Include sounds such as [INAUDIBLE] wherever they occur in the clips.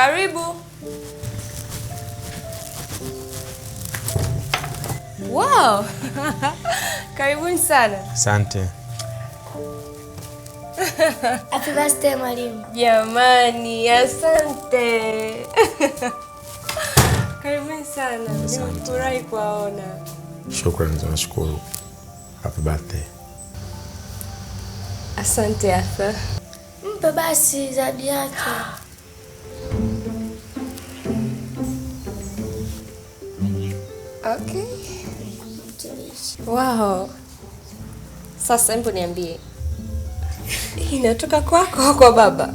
Karibu. Wow. [LAUGHS] Karibuni sana. Asante. Happy birthday mwalimu. Jamani, asante. [LAUGHS] Karibuni sana. Nimefurahi kuwaona. Shukrani za nashukuru. Happy birthday. Asante Arthur. Mpe basi zawadi yake. Okay. Wow. Sasa hebu niambie. [LAUGHS] Inatoka kwako kwa baba?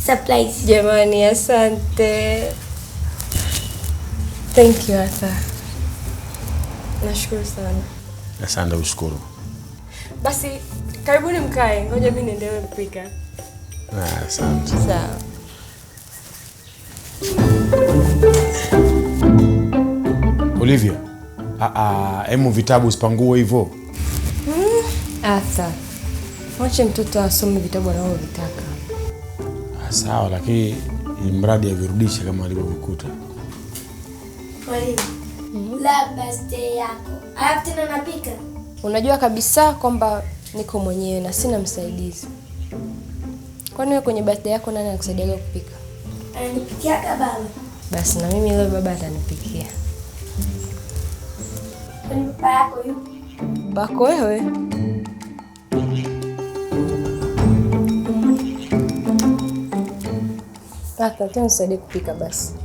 Surprise. Jamani, asante. Thank you hata. Nashukuru sana. Asante, ushukuru. Basi karibuni mkae. Ngoja mimi niendelee kupika. Ah, asante. Sawa. Olivia, ah, ah, hemu vitabu usipangue hivyo. Hata hmm, mwache mtoto asome vitabu anavyovitaka. Ah, sawa, lakini mradi avirudishe kama alivyovikuta. Hmm? Unajua kabisa kwamba niko mwenyewe na sina msaidizi. Kwani wewe kwenye birthday yako nani anakusaidia kupika? Anipikia kabalo. Basi na mimi leo baba atanipikia. Bako wewe. Kaka, tu nisaidie kupika basi.